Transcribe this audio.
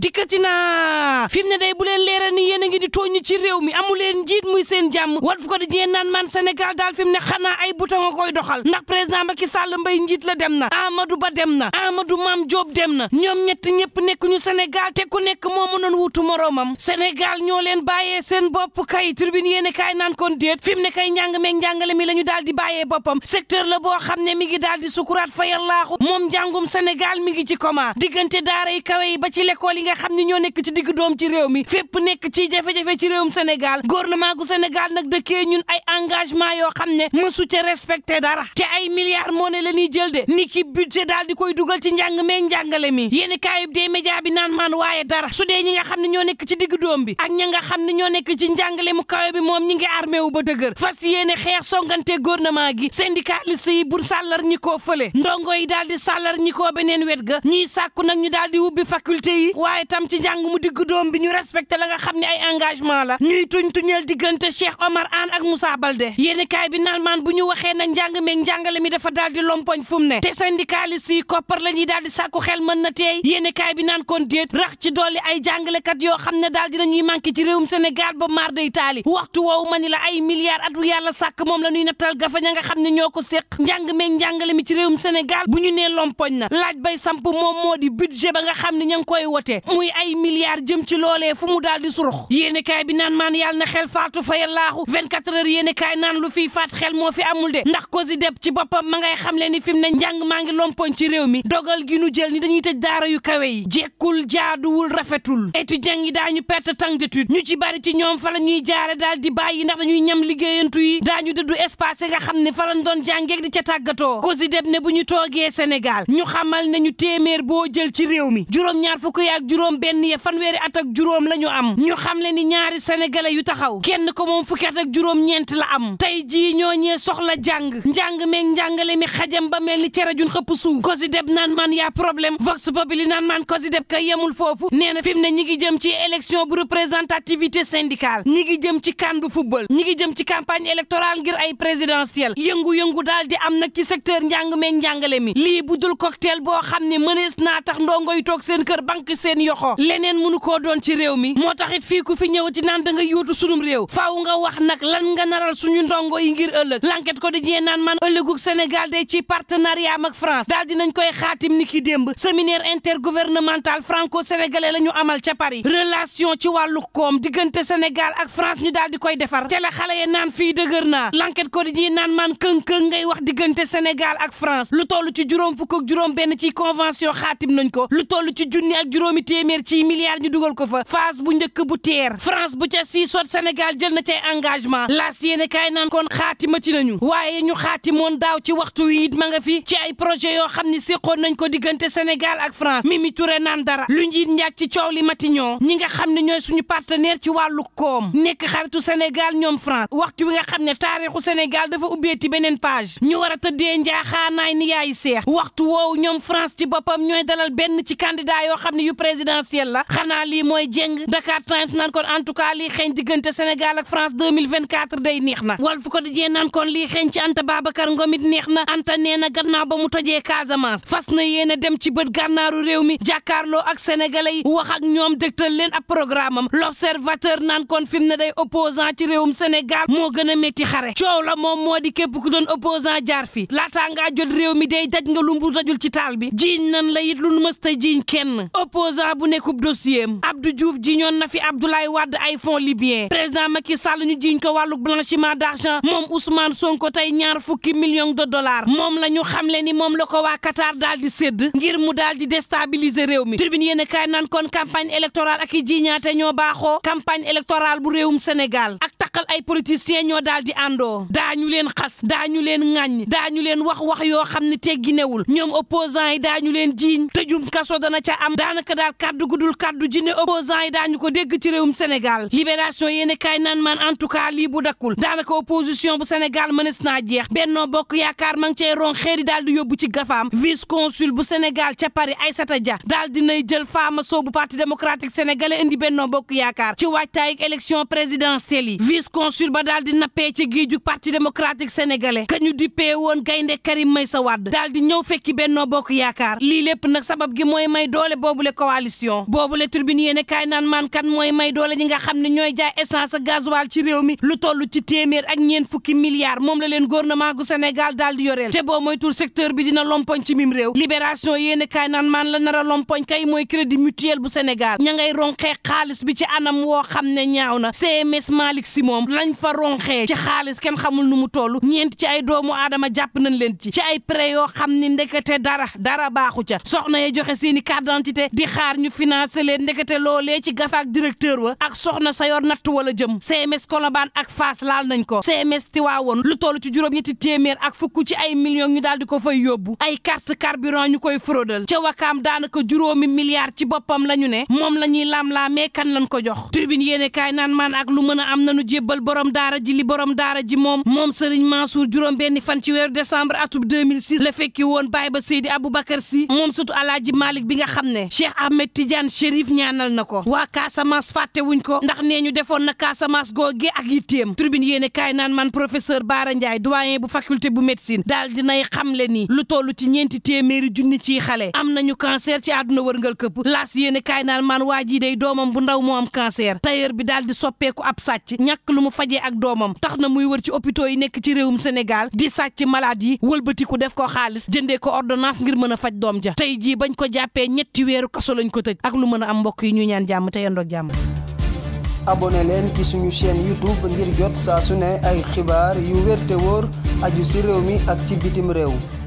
dikkati naa fi mu ne day bu leen leeral ni yéen a ngi di tooñ ci réew mi amu leen njiit mu seen jàmm Walf Quotidien naan man Sénégal daal fi ne xanaa ay bouton nga doxal ndax président Macky Sall mbay njiit la dem na Amadou Ba dem na Amadou Mame Diop dem na ñoom ñett ñëpp nekk ñu Sénégal te ku nekk moo mënoon wutu moroomam Sénégal ñoo leen bàyyee seen bopp kay tribune yéen kaay naan kon déet fi mu ne kay njàng meeg njàngale mi la ñu daal di bàyyee boppam secteur la boo xam ne mi ngi daal di sukuraat fa yàllaaxu moom njàngum Sénégal mi ngi ci coma diggante daara yi ba ci l'école yi nga xam ni ñoo nekk ci digg doom ci réew mi fépp nekk ci jafe-jafe ci réewum Sénégal gouvernement gu Sénégal nag dëkkee ñun ay engagement yoo xam ne mësu ca respecté dara te ay milliards moo ne la ñuy jël de ni ki budget daal di koy dugal ci njàng meeg njàngale mi yéen kaayub des média bi naan maan waaye dara su dee ñi nga xam ne ñoo nekk ci digg doom bi ak ña nga xam ne ñoo nekk ci njàngale mu kawe bi moom ñi ngi armé wu ba dëgër fas yéene xeex songante gouvernement gi syndicaliste yi bu sàllar ñi koo fële ndongo yi daal di sàllar ñi koo beneen wet ga ñuy sàkku nag ñu daal di waaye tam ci njàng mu digg doom bi ñu respecté la nga xam ne ay engagement la ñuy tuñ tuñeel diggante Cheikh Omar Anne ak Moussa Baldé yéeni kaay bi naan maan bu ñu waxee nag njàng meeg mi dafa daal di lompoñ mu ne te syndicaliste yi la ñuy daal di xel mën na teey yéeni kaay bi naan kon déet rax ci dolli ay jàngalekat yoo xam ne daal dinañuy manqué ci réewum Sénégal ba maar day taali waxtu woowu ma ni la ay milliards atu yàlla sàkk moom la ñuy nattal gafañ a nga xam ne ñoo ko séq njàng meeg njàngale mi ci réewum Sénégal bu ñu nee lompoñ na laaj bay samp moom moo di budget ba nga xam ne ña ngi koy wote joxe muy ay milliards jëm ci loole fu mu daal di surux yéene bi naan maan yàlla na xel faatu fa yallaahu 24 heures yéene kaay naan lu fi faat xel moo fi amul de ndax ko si deb ci boppam ma ngay xam le ni fim mu ne njàng maa ngi lompoñ ci réew mi dogal gi nu jël ni dañuy tëj daara yu kawe yi jekkul jaaduwul rafetul étudiants yi daañu perte temps d'étude ñu ci bari ci ñoom fa la ñuy jaare daal di bàyyi ndax dañuy ñam liggéeyantu yi daañu dëddu espace nga xam ne fa lañ doon jàngeeg di ca tàggatoo ko si deb ne bu ñu toogee Sénégal ñu xamal ne ñu téeméer boo jël ci réew mi juróom-ñaar fukk yaak juróom benn ya fanweeri at juróom la ñu am ñu xam le ni ñaari sénégalais yu taxaw kenn ko moom fukki at ak juróom ñeent la am tey jii ñooñee soxla jàng njàng meeg njàngale mi xajam ba mel ni cere juñ xëpp suuf kosi deb naan man yaa problème vox populi naan man kosi deb kay yemul foofu nee na fi mu ne ñi ngi jëm ci élection bu représentativité syndicale ñi ngi jëm ci kandu bu football ñi ngi jëm ci campagne électorale ngir ay présidentielle yëngu-yëngu daal di am na ki secteur njàng meeg njàngale mi lii bu dul cocktail boo xam ne mënees naa tax ndongo yu toog seen kër banque seen seen yoxo leneen mënu koo doon ci réew mi moo tax it fii ku fi ñëwati naan da nga yóotu sunum réew faaw nga wax nag lan nga naral suñu ndongo yi ngir ëllëg lanket ko di ñee naan man ëllëgug Sénégal de ci partenariat ak France daal dinañ koy xaatim ni ki démb séminaire intergouvernemental franco-sénégalais la ñu amal ca Paris relation ci wàllu koom diggante Sénégal ak France ñu daal di koy defar ca la xale ya naan fii dëgër naa lanket ko di ñee naan man ngay wax diggante Sénégal ak France lu toll ci juróom fukk juróom benn ci convention nañ ko lu ci junni téeméer ci milliards ñu dugal ko fa phase bu njëkk bu teer France bu ca sii sot Sénégal jël na cay engagement laas yéene kaay naan kon xaatima ci nañu waaye ñu xaatimoon daaw ci waxtu wi it ma nga ci ay projet yoo xam ni séqoon nañ ko diggante Sénégal ak France Mimi Touré naan dara lu njiit njaag ci coow li Matignon ñi nga xam ne ñooy suñu partenaire ci wàllu koom nekk xaritu Sénégal ñoom France waxtu wi nga xam ne taarixu Sénégal dafa ubbeeti beneen page ñu war a tëddee njaaxaanaay ni yaay seex waxtu woowu ñoom France ci boppam ñooy présidentielle la xanaa lii mooy jeng Dakar Times naan kon en tout cas lii xeeñ diggante Sénégal ak France 2024 day neex na Walf Quotidien naan kon lii xeeñ ci Anta Babacar Ngom it neex na Anta nee na gannaaw ba mu tojee Casamance fas na yéen a dem ci bët gànnaaru réew mi jàkkaarloo ak sénégalais yi wax ak ñoom dëgtal leen a programme am l'observateur naan kon fi mu ne day opposant ci réewum senegal moo gën a métti xare coow la moom moo di képp ku doon opposant jaar fi laataa ngaa jot réew mi day daj nga lu mu ci taal bi jiiñ nan la it lu nu mës ta jiiñ kenn saa bu nekkub dossier am Abdou Diouf jiñoon na fi Abdoulaye Wade ay fonds libyen président Macky Sall ñu jiñ ko wàllu blanchiment d'argent moom Ousmane Sonko tey ñaar fukki million de dollars moom la ñu xamle ni moom la ko waa Qatar daal di sédd ngir mu daal di déstabiliser réew mi tribune yéen a kaay kon campagne électorale ak i jiñaate ñoo baaxoo campagne électorale bu réewum Sénégal ak yàqal ay politiciens ñoo daal di àndoo daañu leen xas daañu leen ŋàññ daañu leen wax wax yoo xam ne tegginewul ñoom opposants yi daañu leen jiiñ tëjum kaso dana ca am daanaka daal kàddu gudul kàddu jinne opposants yi daañu ko dégg ci réewum Sénégal libération yéene kaay naan man en tout cas lii bu dakkul daanaka opposition bu Sénégal mënees naa jeex Benno Bokk Yaakaar ma ngi cay ron xeeri daal di yóbbu ci gafaam vice consul bu Sénégal ca ay Aïssata Dia daal dinay jël faama soo bu parti démocratique sénégalais indi Benno Bokk Yaakaar ci waajtaay élection présidentielle yi vice consul ba daal di nappee ci géeju parti démocratique sénégalais ka ñu dippee gaynde Karim Meïssa Wade daal di ñëw fekki Benno Bokk Yaakaar lii lépp nag sabab gi mooy may doole boobu boobule coalition boobule tribune yéene kaay naan maan kan mooy may doole ñi nga xam ne ñooy jaay essence ak ci réew mi lu toll ci téeméer ak ñeen fukki milliards moom la leen gouvernement gu Sénégal daal di yoreel te boo moytul secteur bi dina lompoñ ci mim réew libération yéene kaay naan maan la nar a lompoñ kay mooy crédit mutuel bu Sénégal ña ngay ronxee xaalis bi ci anam woo xam ne ñaaw moom lañ fa ronxee ci xaalis kenn xamul nu mu toll ñeent ci ay doomu aadama jàpp nañ leen ci ci ay pré xam ni ndekete dara dara baaxu ca soxna ya joxe seeni carte d'identité di xaar ñu financé leen ndekete loolee ci ak directeur wa ak soxna sa yor natt wala jëm CMS Colobane ak Fass laal nañ ko CMS Tiwaawoon lu toll ci juróom-ñetti téeméer ak fukk ci ay millions ñu daal di ko fay yóbbu ay carte carburant ñu koy fraudal ca wakaam daanaka juróomi milliards ci boppam la ñu ne moom la ñuy laam-laamee jébbal borom daara ji li borom daara ji moom moom Serigne Mansour juróom benni fan ci weeru décembre atub 2006 la fekki woon baay ba Seydi Aboubacar Sy moom sëtu Alaaji Malick bi nga xam ne Cheikh Ahmed Tidiane Chérif ñaanal na ko waa Casamance fàtte wuñ ko ndax nee ñu defoon na Casamance googe ak yitteem tribune yéene kaay naan man professeur Bara Ndiaye doyen bu faculté bu médecine daal dinay le ni lu toll ci ñeenti téeméeri junni ci xale am nañu cancer ci àdduna wërngal këpp laas yéene kaay naan man waa jii day doomam bu ndaw moo am cancer tailleur bi daal di soppeeku sàcc lu mu fajee ak doomam tax na muy wër ci hôpitaux yi nekk ci réewum Sénégal di sàcc malaat yi wëlbatiku def ko xaalis jëndee ko ordonnance ngir mën a faj doom ja tey jii bañ ko jàppee ñetti weeru kaso lañ ko tëj ak lu mën a am mbokk yi ñuy ñaan jàmm te yendoog jàmm abonné leen ci suñu chaîne youtube ngir jot saa su ne ay xibaar yu wér te wóor aju si réew mi ak ci bitim réew